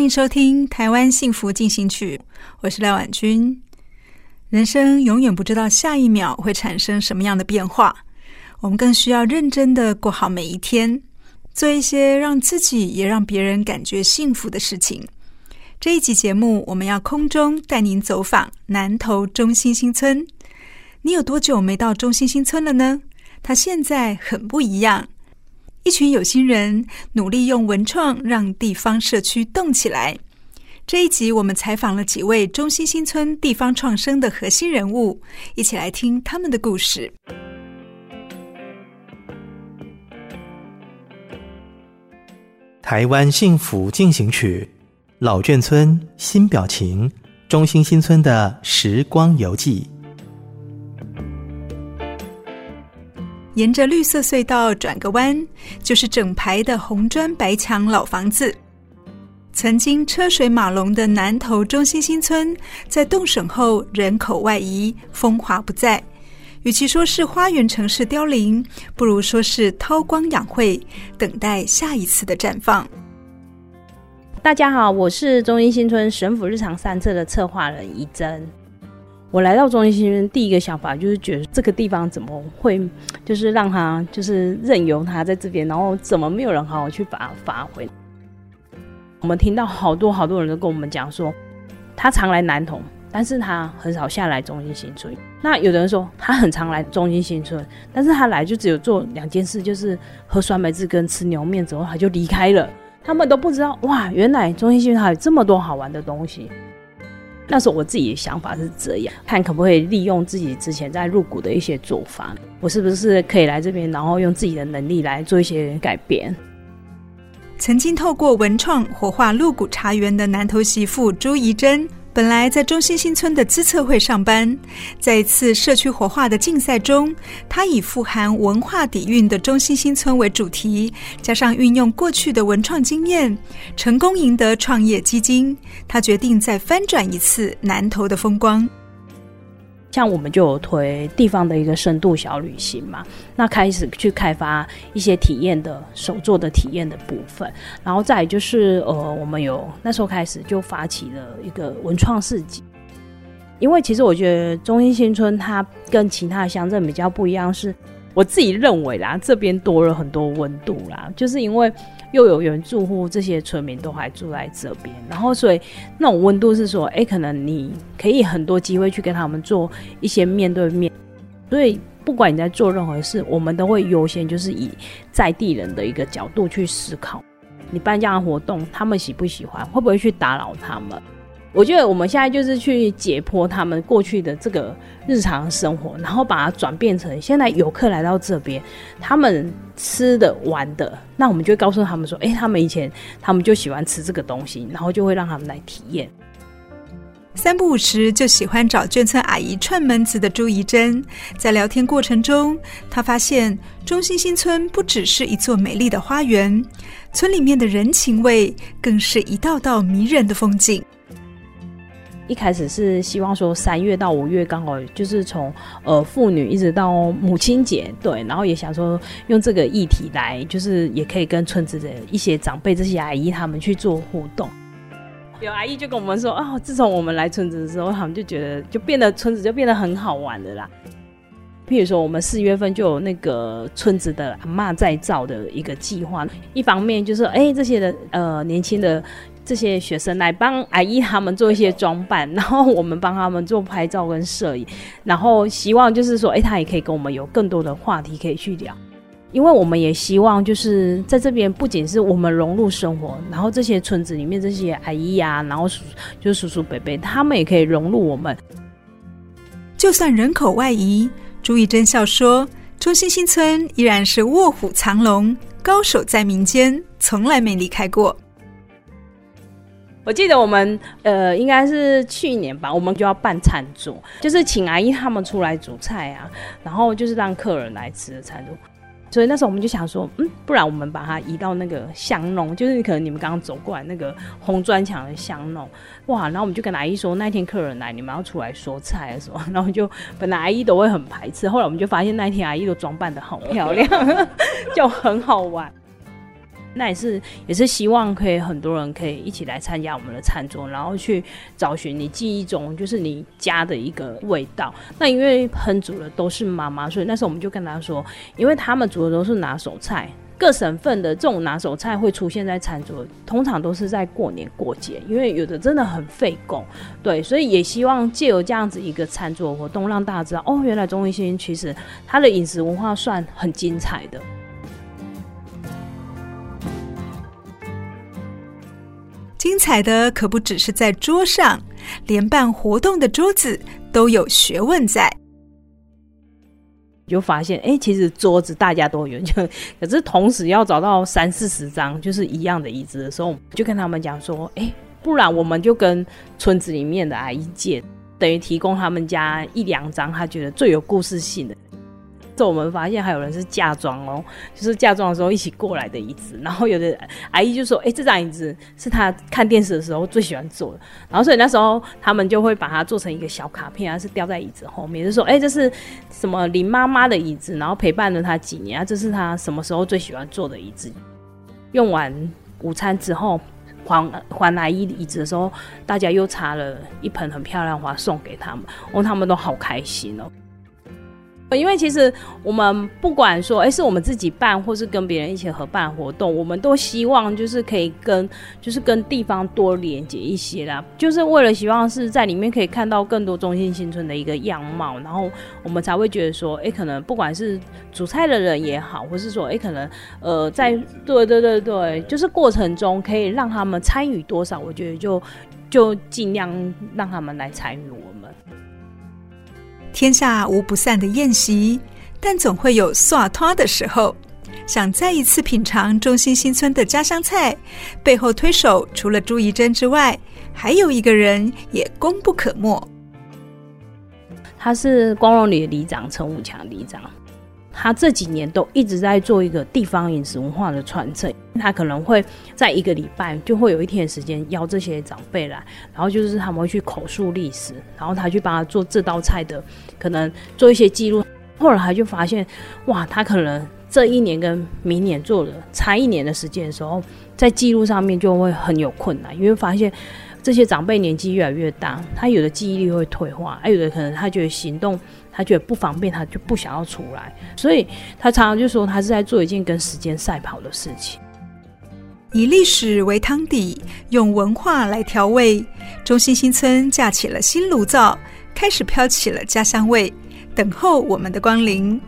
歡迎收聽《台灣幸福進行曲》，我是廖婉君。人生永遠不知道下一秒會產生什麼樣的變化，我們更需要認真的過好每一天，做一些讓自己也讓別人感覺幸福的事情。這一集節目，我們要空中帶您走訪南投中興新村。你有多久沒到中興新村了呢？它現在很不一樣。一群有心人努力用文創讓地方社區動起來。這一集我們採訪了幾位中興新村地方創生的核心人物，一起來聽他們的故事。台灣幸福進行曲，老眷村新表情，中興新村的時光遊記。沿着綠色隧道轉個彎，就是整排的紅磚白牆老房子。曾經車水馬龍的南投中興新村，在凍省後人口外移，風華不再。與其說是花園城市凋零，不如說是韜光養晦，等待下一次的綻放。大家好，我是中興新村省府日常散策的策劃人怡甄。我來到中興新村，第一個想法就是覺得這個地方怎麼會，就是讓他就是任由他在這邊，然後怎麼沒有人好好去把它發揮？我們聽到好多好多人都跟我們講說，他常來南投，但是他很少下來中興新村。那有人說他很常來中興新村，但是他來就只有做兩件事，就是喝酸梅汁跟吃牛麵，之後他就離開了。他們都不知道哇，原來中興新村還有這麼多好玩的東西。那時候我自己的想法是這樣，看可不可以利用自己之前在鹿谷的一些做法，我是不是可以來這邊，然後用自己的能力來做一些改變。曾經透過文創活化鹿谷茶園的南投媳婦朱怡甄。本來在中興新村的資策會上班，在一次社區活化的競賽中，她以富含文化底蘊的中興新村為主題，加上運用過去的文創經驗，成功贏得創業基金，她決定再翻轉一次南投的風光。像我們就有推地方的一個深度小旅行嘛，那開始去開發一些體驗的、手作的體驗的部分，然後再也就是呃，我們有那時候開始就發起了一個文創市集，因為其實我覺得中興新村它跟其他的鄉鎮比較不一樣是。我自己認為啦，這邊多了很多溫度啦，就是因為又有原住戶這些村民都還住在這邊，然後所以那種溫度是說，哎、欸，可能你可以很多機會去跟他們做一些面對面。所以不管你在做任何事，我們都會優先就是以在地人的一個角度去思考，你搬家的活動他們喜不喜歡，會不會去打擾他們。我覺得我們現在就是去解剖他們過去的這個日常生活，然後把它轉變成現在遊客來到這邊，他們吃的、玩的，那我們就告訴他們說：“哎，他們以前他們就喜歡吃這個東西，然後就會讓他們來體驗。”三不五時就喜歡找眷村阿姨串門子的朱怡甄。在聊天過程中，她發現中興新村不只是一座美麗的花園，村裡面的人情味更是一道道迷人的風景。一開始是希望說三月到五月剛好就是從呃婦女一直到母親節對，然後也想說用這個議題來就是也可以跟村子的一些長輩這些阿姨他們去做互動。有阿姨就跟我們說哦，自從我們來村子的時候，他們就覺得就變得村子就變得很好玩的啦。譬如說我們四月份就有那個村子的阿嬤再造的一個計劃，一方面就是哎、欸、這些的呃年輕的。這些學生來幫阿姨他們做一些裝扮，然後我們幫他們做拍照跟攝影，然後希望就是說，哎、欸，他也可以跟我們有更多的話題可以去聊，因為我們也希望就是在這邊，不僅是我們融入生活，然後這些村子裡面這些阿姨呀、啊，然後叔就叔叔伯伯，他們也可以融入我們。就算人口外移，朱怡甄笑說，中興新村依然是臥虎藏龍，高手在民間，從來沒離開過。我記得我們呃，應該是去年吧，我們就要辦餐桌，就是請阿姨他們出來煮菜啊，然後就是讓客人來吃的餐桌。所以那時候我們就想說，嗯，不然我們把它移到那個巷弄，就是可能你們剛剛走過來那個紅磚牆的巷弄，哇！然後我們就跟阿姨說，那天客人來，你們要出來說菜的時候，然後就本來阿姨都會很排斥，後來我們就發現那天阿姨都裝扮的好漂亮， 就很好玩。那也是，也是希望可以很多人可以一起來參加我們的餐桌，然後去找尋你記憶中就是你家的一個味道。那因為烹煮的都是媽媽，所以那時候我們就跟她說，因為他們煮的都是拿手菜，各省份的這種拿手菜會出現在餐桌，通常都是在過年過節，因為有的真的很費工，對，所以也希望借由這樣子一個餐桌活動，讓大家知道哦，原來中興新村其實它的飲食文化算很精彩的。精彩的可不只是在桌上，連辦活動的桌子都有學問在。就發現，哎、欸，其實桌子大家都有，就可是同時要找到三四十張就是一樣的椅子的時候，就跟他們講說，哎、欸，不然我們就跟村子裡面的阿姨借，等於提供他們家一兩張，他覺得最有故事性的。這我們發現還有人是嫁妝哦，就是嫁妝的時候一起過來的椅子。然後有的阿姨就說：“哎、欸，這張椅子是她看電視的時候最喜歡坐的。”然後所以那時候他們就會把它做成一個小卡片，還是吊在椅子後面，就說：“哎、欸，這是什麼林媽媽的椅子，”然後陪伴了她幾年，啊，這是她什麼時候最喜歡坐的椅子。用完午餐之後還還阿姨椅子的時候，大家又插了一盆很漂亮的花送給他們，哦，他們都好開心哦。因為其實我們不管說，哎、欸，是我們自己辦，或是跟別人一起合辦活動，我們都希望就是可以跟，就是跟地方多連接一些啦，就是為了希望是在裡面可以看到更多中興新村的一個樣貌，然後我們才會覺得說，哎、欸，可能不管是煮菜的人也好，或是說，哎、欸，可能呃，在對對對對，就是過程中可以讓他們參與多少，我覺得就就盡量讓他們來參與我們。天下無不散的宴席，但總會有耍脫的時候。想再一次品嘗中興新村的家鄉菜，背後推手除了朱怡甄之外，還有一個人也功不可沒。他是光榮里的里長，陳武強里長。他這幾年都一直在做一個地方飲食文化的傳承，他可能會在一個禮拜就會有一天的時間邀這些長輩來，然後就是他們會去口述歷史，然後他去幫他做這道菜的，可能做一些記錄。後來他就發現，哇，他可能這一年跟明年做了差一年的時間的時候，在記錄上面就會很有困難，因為發現。這些長輩年紀越來越大，他有的記憶力會退化，還有的可能他覺得行動，他覺得不方便，他就不想要出來，所以他常常就說他是在做一件跟時間賽跑的事情。以歷史為湯底，用文化來調味，中興新村架起了新爐灶，開始飄起了家鄉味，等候我們的光臨。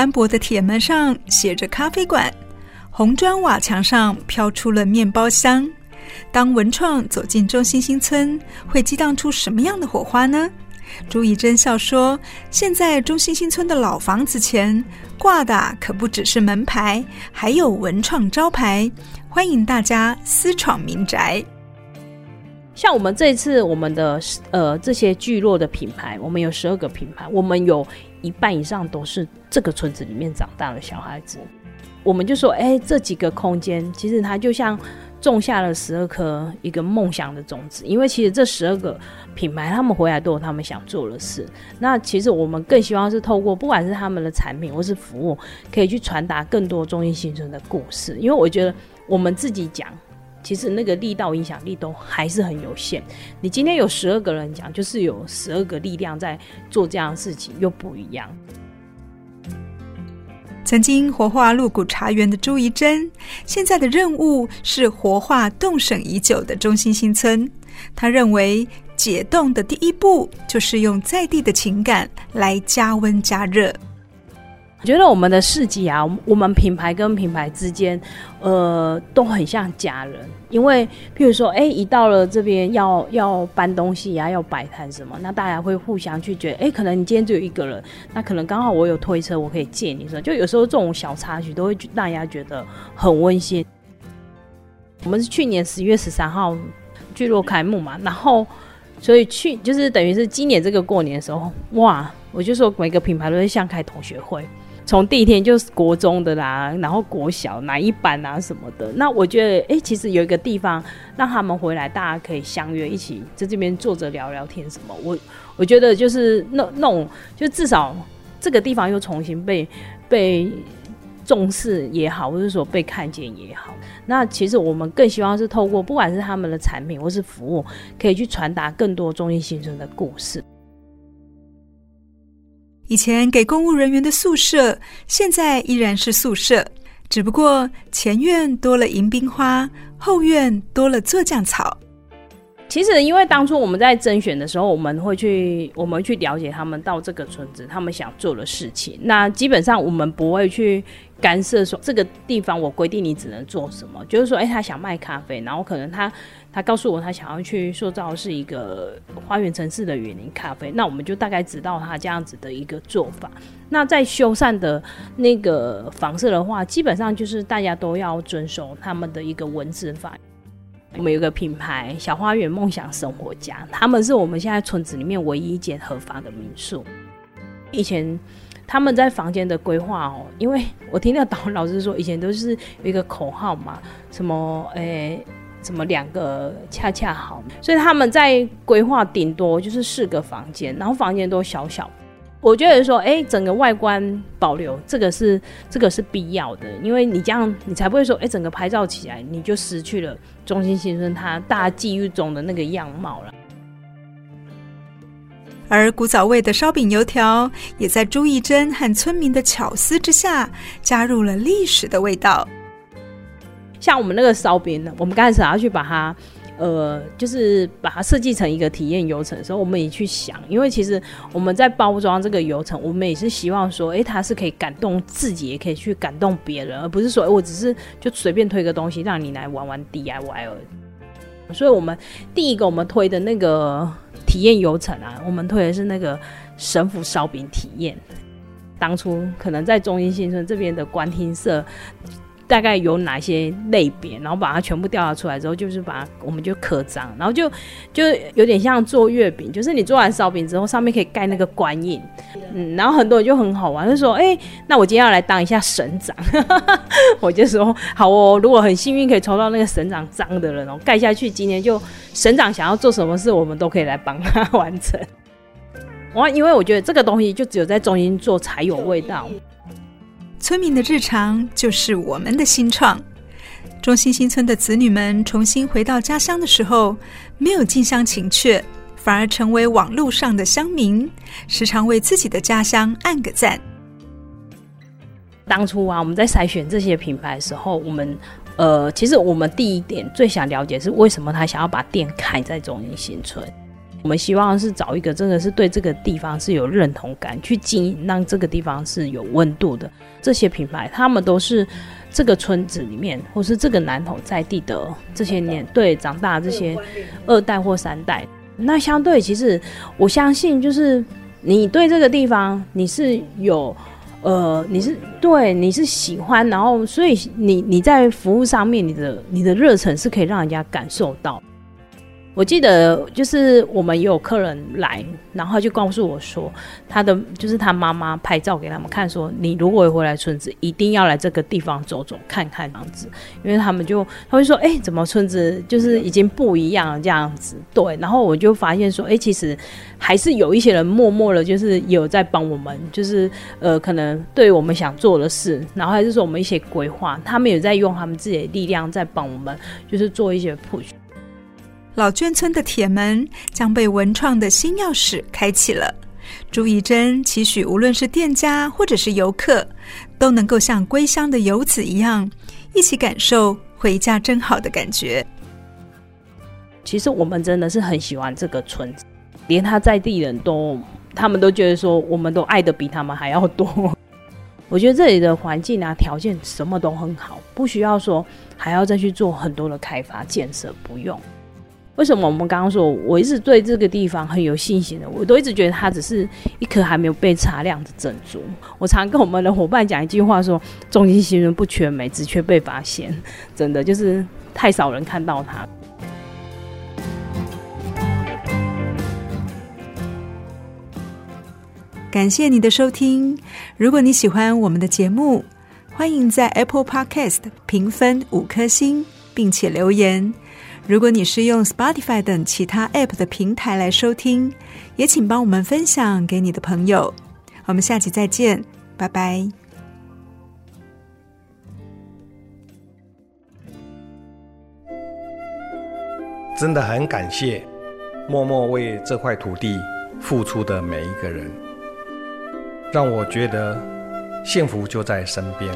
斑駁的鐵門上寫着“咖啡館”，紅磚瓦牆上飄出了麵包香。當文創走進中興新村，會激盪出什麼樣的火花呢？朱怡甄笑說：“現在中興新村的老房子前掛的可不只是門牌，還有文創招牌，歡迎大家私闖民宅。像我們這一次，我們的呃這些聚落的品牌，我們有十二個品牌，我們有。”一半以上都是這個村子，裡面長大的小孩子，我們就說，哎、欸，這幾個空間其實它就像種下了十二顆一個夢想的種子，因為其實這十二個品牌他們回來都有他們想做的事，那其實我們更希望是透過不管是他們的產品或是服務，可以去傳達更多中興新村的故事，因為我覺得我們自己講。其實那個力道、影響力都還是很有限。你今天有十二個人講，就是有十二個力量在做這樣的事情，又不一樣。曾經活化鹿谷茶園的朱怡甄，現在的任務是活化凍省已久的中興新村。她認為解凍的第一步，就是用在地的情感來加溫加熱。我覺得我們的市集啊，我們品牌跟品牌之間，呃，都很像家人。因為，譬如說，哎，一到了這邊要要搬東西呀、啊，要擺攤什麼，那大家會互相去覺得，哎，可能你今天只有一個人，那可能剛好我有推車，我可以借你什麼。就有時候這種小插曲都會讓大家覺得很溫馨。我們是去年十月十三號聚落開幕嘛，然後，所以去就是等於是今年這個過年的時候，哇，我就說每個品牌都會像開同學會。從第一天就是國中的啦、啊，然後國小哪一班啊什麼的。那我覺得，哎、欸，其實有一個地方讓他們回來，大家可以相約一起在這邊坐着聊聊天什麼。我我覺得就是弄弄，就至少這個地方又重新被被重視也好，或者說被看見也好。那其實我們更希望是透過不管是他們的產品或是服務，可以去傳達更多中興新村的故事。以前給公務人員的宿舍，現在依然是宿舍，只不過前院多了迎賓花，後院多了遮江草。其實，因為當初我們在甄選的時候，我們會去，我們去了解他們到這個村子，他們想做的事情。那基本上我們不會去干涉說這個地方，我規定你只能做什麼。就是說，誒、欸，他想賣咖啡，然後可能他。他告訴我，他想要去塑造的是一個花園城市的園林咖啡。那我們就大概知道他這樣子的一個做法。那在修繕的那個房舍的話，基本上就是大家都要遵守他們的一個文資法。我們有個品牌“小花園夢想生活家”，他們是我們現在村子裡面唯一一間合法的民宿。以前他們在房間的規劃哦，因為我聽到導老師說，以前都是有一個口號嘛，什麼誒。欸怎麼兩個恰恰好？所以他們在規劃頂多就是四個房間，然後房間都小小。我覺得說，哎，整個外觀保留這個是這個是必要的，因為你這樣你才不會說，哎，整個拍照起來你就失去了中興新村它大記憶中的那個樣貌了。而古早味的燒餅油條，也在朱怡甄和村民的巧思之下，加入了歷史的味道。像我們那個燒餅，我們剛開始要去把它，呃，就是把它設計成一個體驗遊程的時候，我們也去想，因為其實我們在包裝這個遊程，我們也是希望說，哎、欸，它是可以感動自己，也可以去感動別人，而不是說，哎，我只是就隨便推個東西讓你來玩玩 DIY 而已。所以我們第一個我們推的那個體驗遊程啊，我們推的是那個省府燒餅體驗。當初可能在中興新村這邊的觀聽社，大概有哪些類別，然後把它全部調查出來之後，就是把我們就刻章。然後就就有點像做月餅，就是你做完燒餅之後，上面可以蓋那個官印，嗯，然後很多人就很好玩，就是、說：“哎、欸，那我今天要來當一下省長。 ”我就說：“好哦，如果很幸運可以抽到那個省長章的人哦，蓋下去，今天就省長想要做什麼事，我們都可以來幫他完成。哇”我因為我覺得這個東西就只有在中興做才有味道。村民的日常就是我們的新創。中興新村的子女們重新回到家鄉的時候，沒有近鄉情怯，反而成為網路上的鄉民，時常為自己的家鄉按個讚。當初啊，我們在篩選這些品牌的時候，我們呃，其實我們第一點最想了解是，為什麼他想要把店開在中興新村。我們希望是找一個真的是對這個地方是有認同感，去經營讓這個地方是有溫度的這些品牌，他們都是這個村子裡面，或是這個南投在地的這些年對長大這些二代或三代，那相對其實我相信就是你對這個地方你是有呃你是對你是喜歡，然後所以你你在服務上面你的你的熱忱是可以讓人家感受到。我記得就是我們也有客人來，然後就告訴我說，他的就是他媽媽拍照給他們看說，說你如果回來村子，一定要來這個地方走走看看這樣子。因為他們就他會說，哎、欸，怎麼村子就是已經不一樣這樣子？對，然後我就發現說，哎、欸，其實還是有一些人默默的，就是有在幫我們，就是呃，可能對我們想做的事，然後還是說我們一些規劃，他們也在用他們自己的力量在幫我們，就是做一些 push。老眷村的鐵門將被文創的新鑰匙開啟了。朱怡甄期許，無論是店家或者是遊客，都能夠像歸鄉的游子一樣，一起感受“回家真好”的感覺。其實我們真的是很喜歡這個村子，連他在地人都他們都覺得說，我們都愛得比他們還要多。我覺得這裡的環境啊，條件什麼都很好，不需要說還要再去做很多的開發建設，不用。為什麼我們剛剛說，我一直對這個地方很有信心呢？我都一直覺得它只是一顆還沒有被擦亮的珍珠。我常跟我們的夥伴講一句話說：“中興新村不缺美，只缺被發現。”真的就是太少人看到它。感謝你的收聽。如果你喜歡我們的節目，歡迎在 Apple Podcast 評分五顆星，並且留言。如果你是用 Spotify 等其他 App 的平台來收聽，也請幫我們分享給你的朋友。我們下期再見，拜拜！真的很感謝默默為這塊土地付出的每一個人，讓我覺得幸福就在身邊。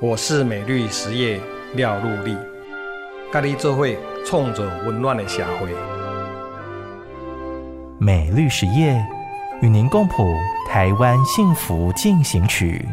我是美律實業廖路力。家裡做伙，創造溫暖的社會。美律實業，與您共譜台灣幸福進行曲。